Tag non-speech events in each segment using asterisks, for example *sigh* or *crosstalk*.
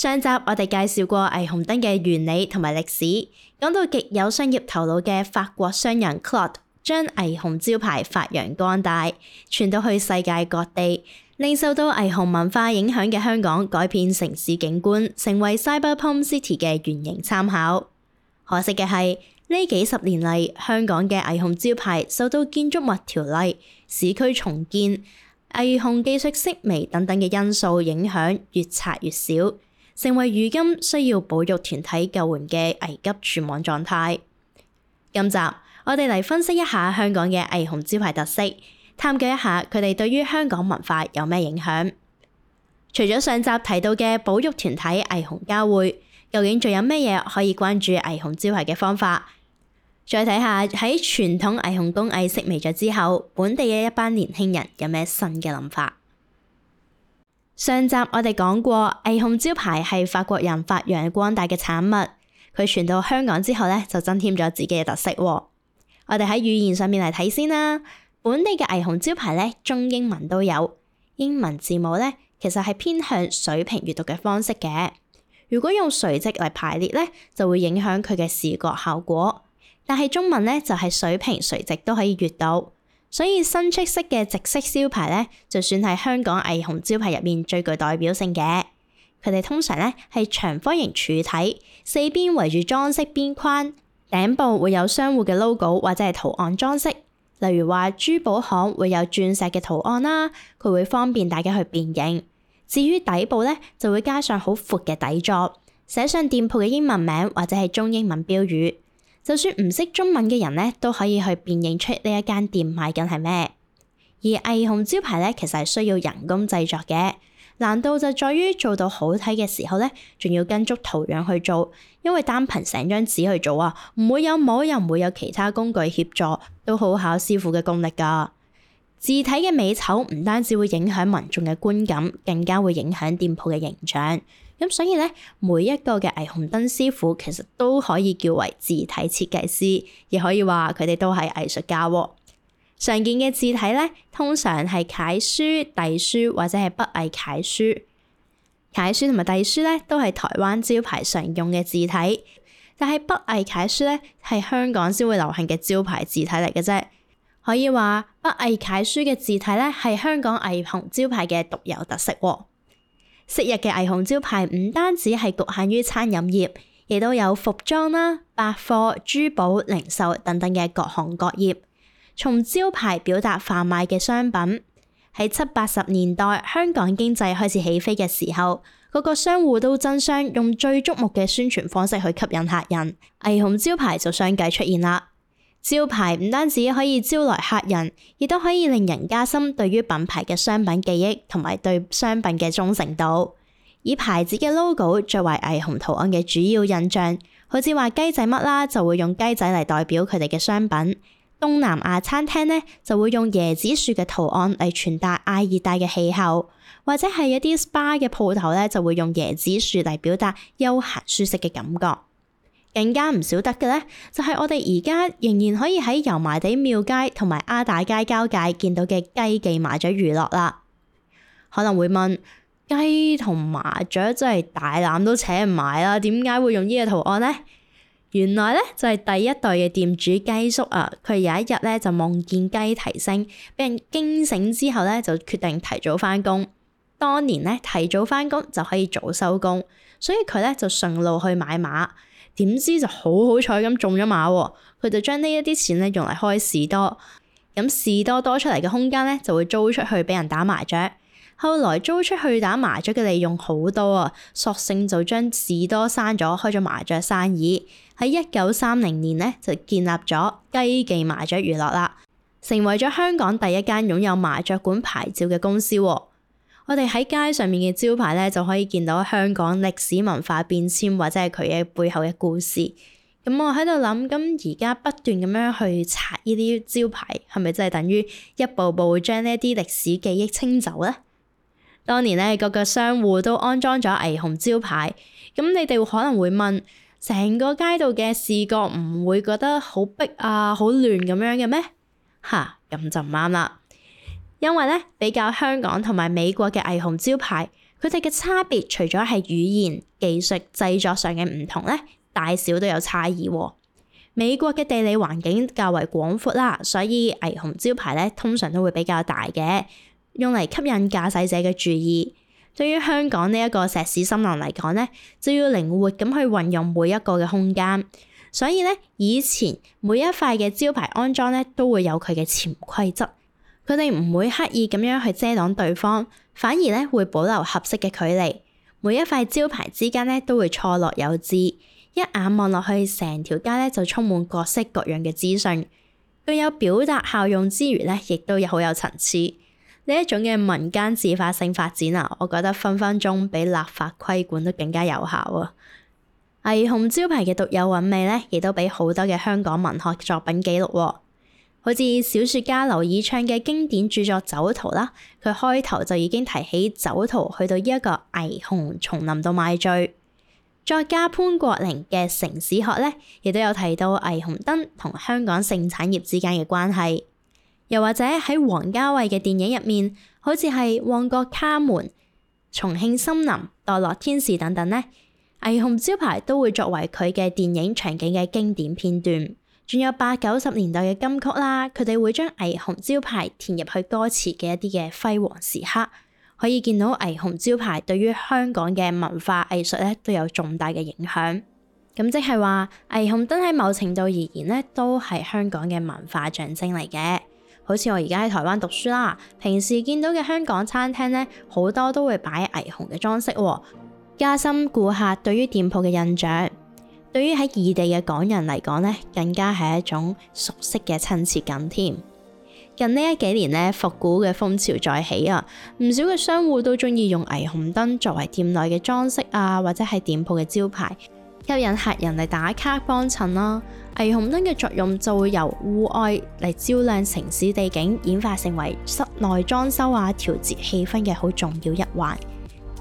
上集我哋介紹過霓虹燈嘅原理同埋歷史，講到極有商業頭腦嘅法國商人 Claude 將霓虹招牌發揚光大，傳到去世界各地，令受到霓虹文化影響嘅香港改變城市景觀，成為 Cyberpunk City 嘅原型參考。可惜嘅係呢幾十年嚟，香港嘅霓虹招牌受到建築物條例、市區重建、霓虹技術式微等等嘅因素影響，越拆越少。成為如今需要保育團體救援嘅危急存亡狀態。今集我哋嚟分析一下香港嘅霓虹招牌特色，探究一下佢哋對於香港文化有咩影響。除咗上集提到嘅保育團體霓虹交匯，究竟仲有咩嘢可以關注霓虹招牌嘅方法？再睇下喺傳統霓虹工藝式微咗之後，本地嘅一班年輕人有咩新嘅諗法？上集我哋講過，霓虹招牌係法國人發揚光大嘅產物，佢傳到香港之後咧，就增添咗自己嘅特色。我哋喺語言上面嚟睇先啦，本地嘅霓虹招牌咧，中英文都有。英文字母咧，其實係偏向水平閱讀嘅方式嘅，如果用垂直嚟排列咧，就會影響佢嘅視覺效果。但係中文咧，就係水平、垂直都可以閱讀到。所以新出式嘅直式招牌咧，就算係香港霓虹招牌入面最具代表性嘅。佢哋通常咧，係長方形柱體，四邊圍住裝飾邊框，頂部會有商戶嘅 logo 或者係圖案裝飾，例如話珠寶行會有鑽石嘅圖案啦，佢會方便大家去辨認。至於底部咧，就會加上好闊嘅底座，寫上店鋪嘅英文名或者係中英文標語。就算唔識中文嘅人咧，都可以去辨認出呢一間店賣緊係咩？而霓虹招牌咧，其實係需要人工製作嘅，難度就在於做到好睇嘅時候咧，仲要跟足圖樣去做，因為單憑成張紙去做啊，唔會有模又唔會有其他工具協助，都好考師傅嘅功力噶。字體嘅美醜唔單止會影響民眾嘅觀感，更加會影響店鋪嘅形象。咁所以咧，每一個嘅霓虹燈師傅其實都可以叫為字體設計師，亦可以話佢哋都係藝術家喎。常見嘅字體咧，通常係楷書、隸書或者係北魏楷書。楷書同埋隸書咧，都係台灣招牌常用嘅字體，但係北魏楷書咧係香港先會流行嘅招牌字體嚟嘅啫。可以話北魏楷書嘅字體咧，係香港霓虹招牌嘅獨有特色喎。昔日嘅霓虹招牌唔單止係局限於餐飲業，亦都有服裝啦、百貨、珠寶、零售等等嘅各行各業。從招牌表達販賣嘅商品，喺七八十年代香港經濟開始起飛嘅時候，各個商戶都爭相用最矚目嘅宣傳方式去吸引客人，霓虹招牌就相繼出現啦。招牌唔單止可以招來客人，亦都可以令人加深對於品牌嘅商品記憶同埋對商品嘅忠誠度。以牌子嘅 logo 作為霓虹圖案嘅主要印象，好似話雞仔乜啦，就會用雞仔嚟代表佢哋嘅商品。東南亞餐廳咧就會用椰子樹嘅圖案嚟傳達亞熱帶嘅氣候，或者係一啲 spa 嘅鋪頭咧就會用椰子樹嚟表達休閒舒適嘅感覺。更加唔少得嘅咧，就係、是、我哋而家仍然可以喺油麻地廟街同埋鴉打街交界見到嘅雞記麻雀娛樂啦。可能會問，雞同麻雀真係大纜都扯唔埋啦，點解會用呢個圖案呢？原來咧就係第一代嘅店主雞叔啊，佢有一日咧就夢見雞啼聲，俾人驚醒之後咧就決定提早返工。當年咧提早返工就可以早收工，所以佢咧就順路去買馬。點知就好好彩咁中咗馬，佢就將呢一啲錢咧用嚟開士多，咁士多多出嚟嘅空間咧就會租出去俾人打麻雀。後來租出去打麻雀嘅利用好多啊，索性就將士多刪咗，開咗麻雀生意。喺一九三零年咧就建立咗雞記麻雀娛樂啦，成為咗香港第一間擁有麻雀館牌照嘅公司。我哋喺街上面嘅招牌咧，就可以見到香港歷史文化變遷或者係佢嘅背後嘅故事。咁我喺度諗，咁而家不斷咁樣去拆呢啲招牌，係咪真係等於一步步會將呢啲歷史記憶清走咧？當年咧，各個商戶都安裝咗霓虹招牌。咁你哋可能會問：成個街道嘅視覺唔會覺得好逼啊、好亂咁樣嘅咩？吓，咁就唔啱啦。因為咧，比較香港同埋美國嘅霓虹招牌，佢哋嘅差別除咗係語言、技術、製作上嘅唔同咧，大小都有差異。美國嘅地理環境較為廣闊啦，所以霓虹招牌咧通常都會比較大嘅，用嚟吸引駕駛者嘅注意。對於香港呢一個石屎森林嚟講咧，就要靈活咁去運用每一個嘅空間。所以咧，以前每一塊嘅招牌安裝咧都會有佢嘅潛規則。佢哋唔會刻意咁樣去遮擋對方，反而咧會保留合適嘅距離。每一塊招牌之間咧都會錯落有致，一眼望落去，成條街咧就充滿各式各樣嘅資訊，具有表達效用之餘咧，亦都有好有層次。呢一種嘅民間自發性發展啊，我覺得分分鐘比立法規管都更加有效啊！霓虹招牌嘅獨有韻味咧，亦都俾好多嘅香港文學作品記錄喎。好似小說家劉以鬯嘅經典著作《酒徒》啦，佢開頭就已經提起酒徒去到呢一個霓虹叢林度買醉。作家潘國靈嘅《城市學》咧，亦都有提到霓虹燈同香港性產業之間嘅關係。又或者喺王家衛嘅電影入面，好似係《旺角卡門》《重慶森林》《墮落天使》等等咧，霓虹招牌都會作為佢嘅電影場景嘅經典片段。仲有八九十年代嘅金曲啦，佢哋會將霓虹招牌填入去歌詞嘅一啲嘅輝煌時刻，可以見到霓虹招牌對於香港嘅文化藝術咧都有重大嘅影響，咁即係話霓虹燈喺某程度而言咧，都係香港嘅文化象徵嚟嘅。好似我而家喺台灣讀書啦，平時見到嘅香港餐廳咧，好多都會擺霓虹嘅裝飾，加深顧客對於店鋪嘅印象。對於喺異地嘅港人嚟講呢，更加係一種熟悉嘅親切感添。近呢一幾年呢，復古嘅風潮再起啊，唔少嘅商戶都中意用霓虹燈作為店內嘅裝飾啊，或者係店鋪嘅招牌，吸引客人嚟打卡幫襯啦。霓虹燈嘅作用就會由戶外嚟照亮城市地景，演化成為室內裝修啊、調節氣氛嘅好重要一環。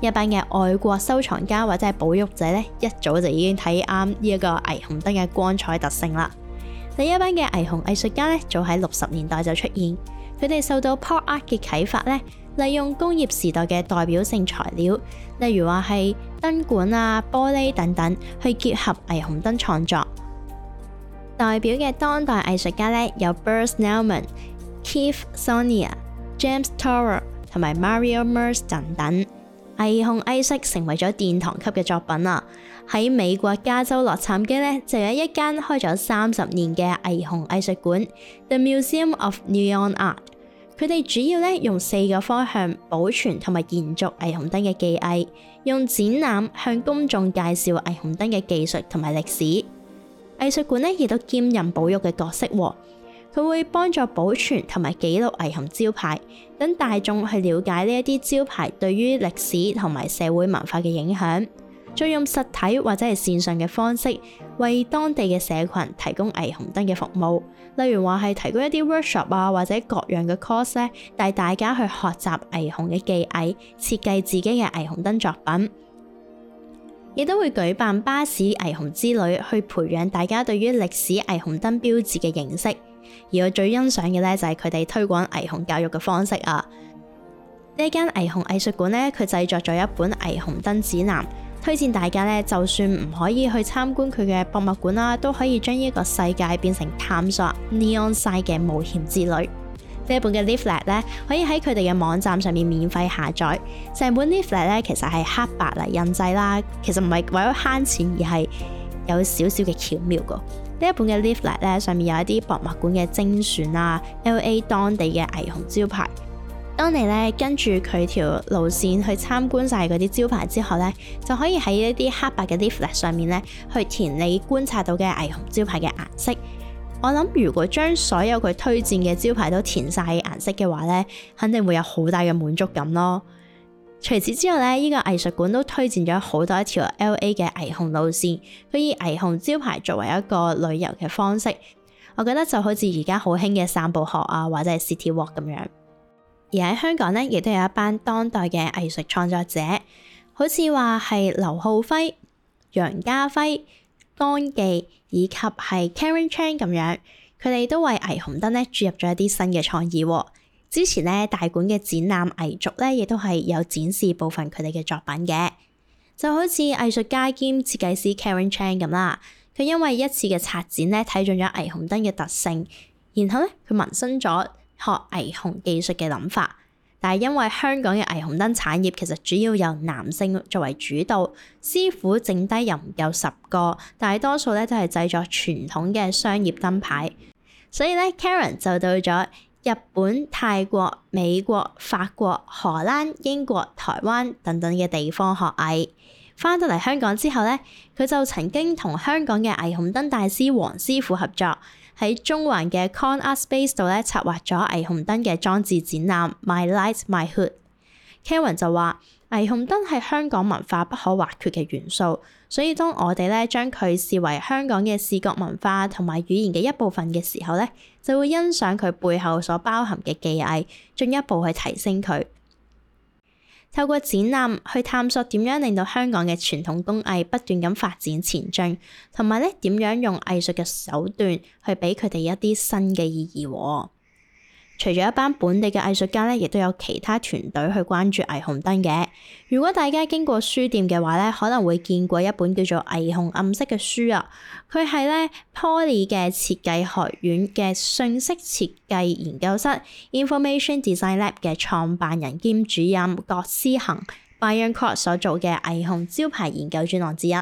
一班嘅外國收藏家或者係保育者咧，一早就已經睇啱呢一個霓虹燈嘅光彩特性啦。另一班嘅霓虹藝術家咧，早喺六十年代就出現，佢哋受到 Pop Art 嘅啟發咧，利用工業時代嘅代表性材料，例如話係燈管啊、玻璃等等，去結合霓虹燈創作。代表嘅當代藝術家咧，有 Bruce Nauman Keith Sonia、James Tower 同埋 Mario Merz 等。霓虹藝術成為咗殿堂級嘅作品啦。喺美國加州洛杉磯咧，就有一間開咗三十年嘅霓虹藝術館，The Museum of Neon Art。佢哋主要咧，用四個方向保存同埋延續霓虹燈嘅技藝，用展覽向公眾介紹霓虹燈嘅技術同埋歷史。藝術館咧，亦都兼任保育嘅角色。佢會幫助保存同埋記錄霓虹招牌，等大眾去了解呢一啲招牌對於歷史同埋社會文化嘅影響。再用實體或者係線上嘅方式，為當地嘅社群提供霓虹燈嘅服務，例如話係提供一啲 workshop 啊，或者各樣嘅 course，帶大家去學習霓虹嘅技藝，設計自己嘅霓虹燈作品。亦都會舉辦巴士霓虹之旅，去培養大家對於歷史霓虹燈標誌嘅認識。而我最欣賞嘅咧，就係佢哋推廣霓虹教育嘅方式啊！呢間霓虹藝術館咧，佢製作咗一本霓虹燈指南，推薦大家咧，就算唔可以去參觀佢嘅博物館啦，都可以將呢個世界變成探索 neon sights 嘅冒險之旅。呢一本嘅 leaflet 咧，可以喺佢哋嘅網站上面免費下載。成本 leaflet 咧，其實係黑白嚟印製啦，其實唔係為咗慳錢，而係有少少嘅巧妙噶。呢一本嘅 leaflet 咧，上面有一啲博物館嘅精選啊，LA 當地嘅霓虹招牌。當你咧跟住佢條路線去參觀晒嗰啲招牌之後咧，就可以喺一啲黑白嘅 leaflet 上面咧，去填你觀察到嘅霓虹招牌嘅顏色。我諗如果將所有佢推薦嘅招牌都填晒顏色嘅話咧，肯定會有好大嘅滿足感咯。除此之外咧，依、呢個藝術館都推薦咗好多一條 L.A. 嘅霓虹路線，佢以霓虹招牌作為一個旅遊嘅方式。我覺得就好似而家好興嘅散步學啊，或者係 CityWalk 咁樣。而喺香港咧，亦都有一班當代嘅藝術創作者，好似話係劉浩輝、楊家輝、江記以及係 Karen Chan 咁樣，佢哋都為霓虹燈咧注入咗一啲新嘅創意喎。之前咧大館嘅展覽藝族咧，亦都係有展示部分佢哋嘅作品嘅，就好似藝術家兼設計師 Karen Chan 咁啦。佢因為一次嘅拆展咧，睇中咗霓虹燈嘅特性，然後咧佢萌生咗學霓虹技術嘅諗法。但係因為香港嘅霓虹燈產業其實主要由男性作為主導，師傅剩低又唔夠十個，大多數咧都係製作傳統嘅商業燈牌，所以咧 Karen 就到咗。日本、泰國、美國、法國、荷蘭、英國、台灣等等嘅地方學藝，翻到嚟香港之後咧，佢就曾經同香港嘅霓虹燈大師黃師傅合作，喺中環嘅 Con Art Space 度咧策劃咗霓虹燈嘅裝置展覽 My Light My Hood。Kevin 就話。霓虹燈係香港文化不可或缺嘅元素，所以當我哋咧將佢視為香港嘅視覺文化同埋語言嘅一部分嘅時候咧，就會欣賞佢背後所包含嘅技藝，進一步去提升佢。透過展覽去探索點樣令到香港嘅傳統工藝不斷咁發展前進，同埋咧點樣用藝術嘅手段去俾佢哋一啲新嘅意義喎。除咗一班本地嘅藝術家咧，亦都有其他團隊去關注霓虹燈嘅。如果大家經過書店嘅話咧，可能會見過一本叫做《霓虹暗色》嘅書啊。佢係咧 Poly 嘅設計學院嘅信息設計研究室 Information Design Lab 嘅創辦人兼主任郭思恒 Brian Kwok 所做嘅霓虹招牌研究專案之一。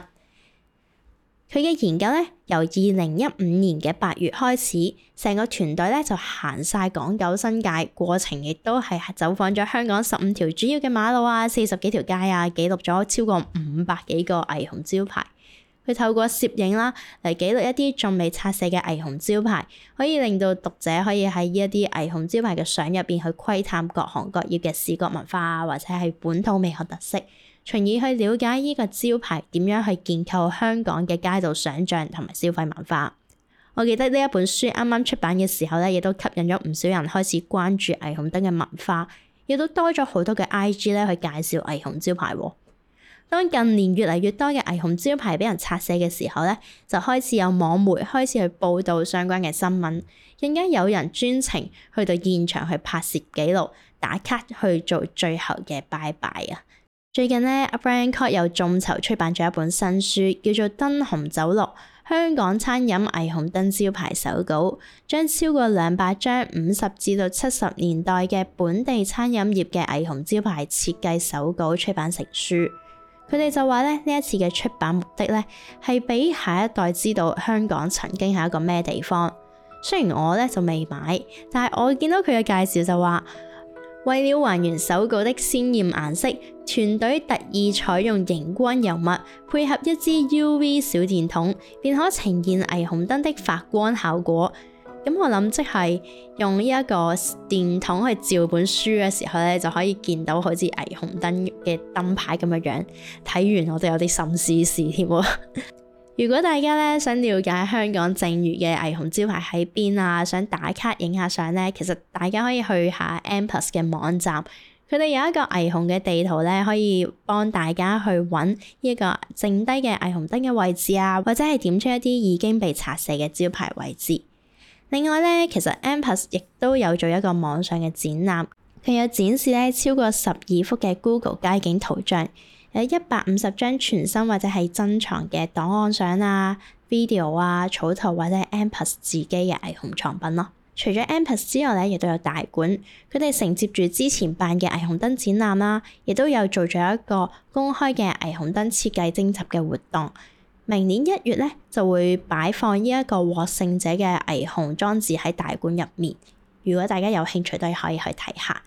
佢嘅研究咧，由二零一五年嘅八月開始，成個團隊咧就行晒港九新界，過程亦都係走訪咗香港十五條主要嘅馬路啊、四十幾條街啊，記錄咗超過五百幾個霓虹招牌。佢透過攝影啦嚟記錄一啲仲未拆卸嘅霓虹招牌，可以令到讀者可以喺呢一啲霓虹招牌嘅相入邊去窺探各行各業嘅視覺文化，或者係本土美學特色。從而去了解呢個招牌點樣去建構香港嘅街道想像同埋消費文化。我記得呢一本書啱啱出版嘅時候咧，亦都吸引咗唔少人開始關注霓虹燈嘅文化，亦都多咗好多嘅 IG 咧去介紹霓虹招牌。當近年越嚟越多嘅霓虹招牌俾人拆卸嘅時候咧，就開始有網媒開始去報道相關嘅新聞，更加有人專程去到現場去拍攝記錄、打卡去做最後嘅拜拜啊！最近呢，阿 Frank Co 又眾籌出版咗一本新書，叫做《燈紅酒綠：香港餐飲霓虹燈招牌手稿》，將超過兩百張五十至到七十年代嘅本地餐飲業嘅霓虹招牌設計手稿出版成書。佢哋就話咧，呢一次嘅出版目的咧係俾下一代知道香港曾經係一個咩地方。雖然我咧就未買，但係我見到佢嘅介紹就話。為了還原手稿的鮮艷顏色，團隊特意採用熒光油墨，配合一支 UV 小電筒，便可呈現霓虹燈的發光效果。咁我諗即係用呢一個電筒去照本書嘅時候咧，就可以見到好似霓虹燈嘅燈牌咁嘅樣。睇完我都有啲心思思添。 *laughs* 如果大家咧想了解香港正月嘅霓虹招牌喺邊啊，想打卡影下相咧，其實大家可以去下 M+ 嘅網站，佢哋有一個霓虹嘅地圖咧，可以幫大家去揾呢一個剩低嘅霓虹燈嘅位置啊，或者係點出一啲已經被拆卸嘅招牌位置。另外咧，其實 M+ 亦都有做一個網上嘅展覽，佢有展示咧超過十二幅嘅 Google 街景圖像。有一百五十張全新或者係珍藏嘅檔案相啊、video 啊、草圖或者係 a m p e s 自己嘅霓虹藏品咯。除咗 a m p e s 之外咧，亦都有大館，佢哋承接住之前辦嘅霓虹燈展覽啦、啊，亦都有做咗一個公開嘅霓虹燈設計徵集嘅活動。明年一月咧，就會擺放呢一個獲勝者嘅霓虹裝置喺大館入面。如果大家有興趣都可以去睇下。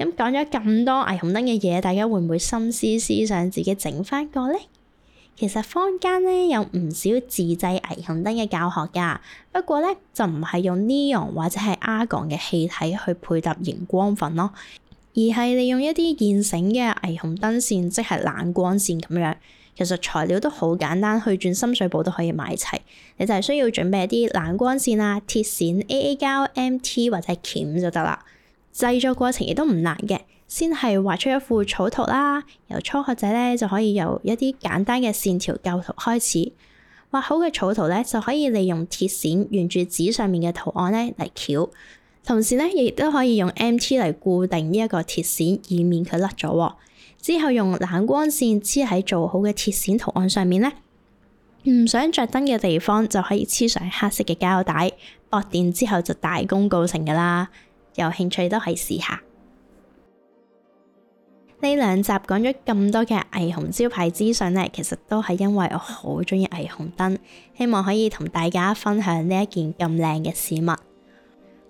咁講咗咁多霓虹燈嘅嘢，大家會唔會心思思想自己整翻個呢？其實坊間咧有唔少自製霓虹燈嘅教學噶，不過咧就唔係用 Neon 或者係 Argon 嘅氣體去配搭熒光粉咯，而係利用一啲現成嘅霓虹燈線，即係冷光線咁樣。其實材料都好簡單，去轉深水埗都可以買齊。你就係需要準備一啲冷光線啊、鐵線、AA 膠、MT 或者鉗就得啦。製作過程亦都唔難嘅，先係畫出一幅草圖啦。由初學者咧就可以由一啲簡單嘅線條構圖開始。畫好嘅草圖咧就可以利用鐵線沿住紙上面嘅圖案咧嚟鉸，同時咧亦都可以用 MT 嚟固定呢一個鐵線，以免佢甩咗。之後用冷光線黐喺做好嘅鐵線圖案上面咧，唔想着燈嘅地方就可以黐上黑色嘅膠帶，駁電之後就大功告成㗎喇。有興趣都可以試下。呢兩集講咗咁多嘅霓虹招牌資訊呢，其實都係因為我好中意霓虹燈，希望可以同大家分享呢一件咁靚嘅事物。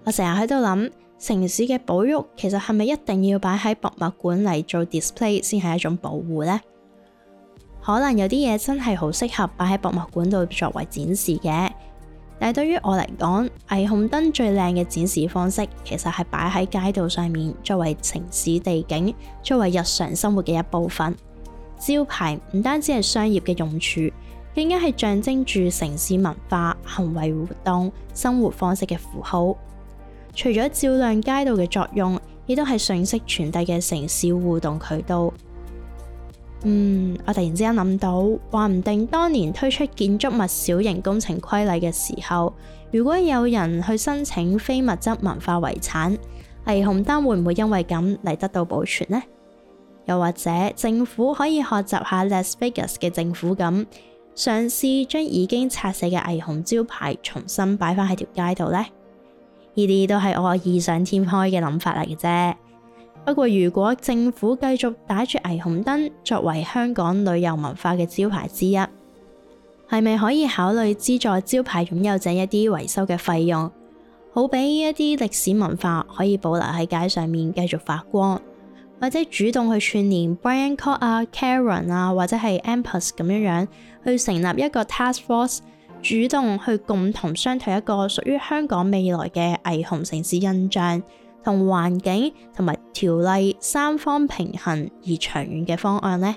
我成日喺度諗，城市嘅保育其實係咪一定要擺喺博物館嚟做 display 先係一種保護呢？可能有啲嘢真係好適合擺喺博物館度作為展示嘅。但係對於我嚟講，霓虹燈最靚嘅展示方式其實係擺喺街道上面，作為城市地景，作為日常生活嘅一部分。招牌唔單止係商業嘅用處，更加係象徵住城市文化、行為活動、生活方式嘅符號。除咗照亮街道嘅作用，亦都係信息傳遞嘅城市互動渠道。嗯，我突然之間諗到，話唔定當年推出建築物小型工程規例嘅時候，如果有人去申請非物質文化遺產，霓虹燈會唔會因為咁嚟得到保存呢？又或者政府可以學習下 Las Vegas 嘅政府咁，嘗試將已經拆卸嘅霓虹招牌重新擺翻喺條街度呢？呢啲都係我異想天開嘅諗法嚟嘅啫。不過，如果政府繼續打住霓虹燈作為香港旅遊文化嘅招牌之一，係咪可以考慮資助招牌擁有者一啲維修嘅費用？好俾一啲歷史文化可以保留喺街上面繼續發光，或者主動去串聯 Brian、Karen 啊，或者係 Ampus 咁樣樣去成立一個 Task Force，主動去共同商討一個屬於香港未來嘅霓虹城市印象同環境，同埋。條例三方平衡而長遠嘅方案呢，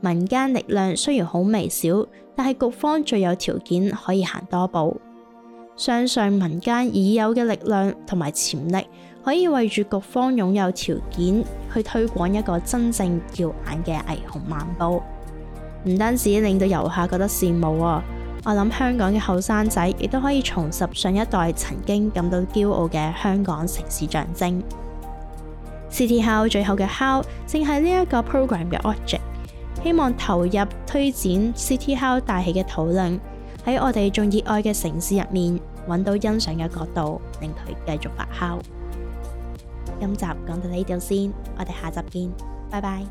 民間力量雖然好微小，但係局方最有條件可以行多步。相信民間已有嘅力量同埋潛力，可以為住局方擁有條件去推廣一個真正耀眼嘅霓虹漫步。唔單止令到遊客覺得羨慕，我諗香港嘅後生仔亦都可以重拾上一代曾經感到驕傲嘅香港城市象徵。City How 最後嘅 How 正係呢一個 program 嘅 object，希望投入推展 City How 大戲嘅討論，喺我哋仲熱愛嘅城市入面揾到欣賞嘅角度，令佢繼續發酵。今集講到呢度先，我哋下集見，拜拜。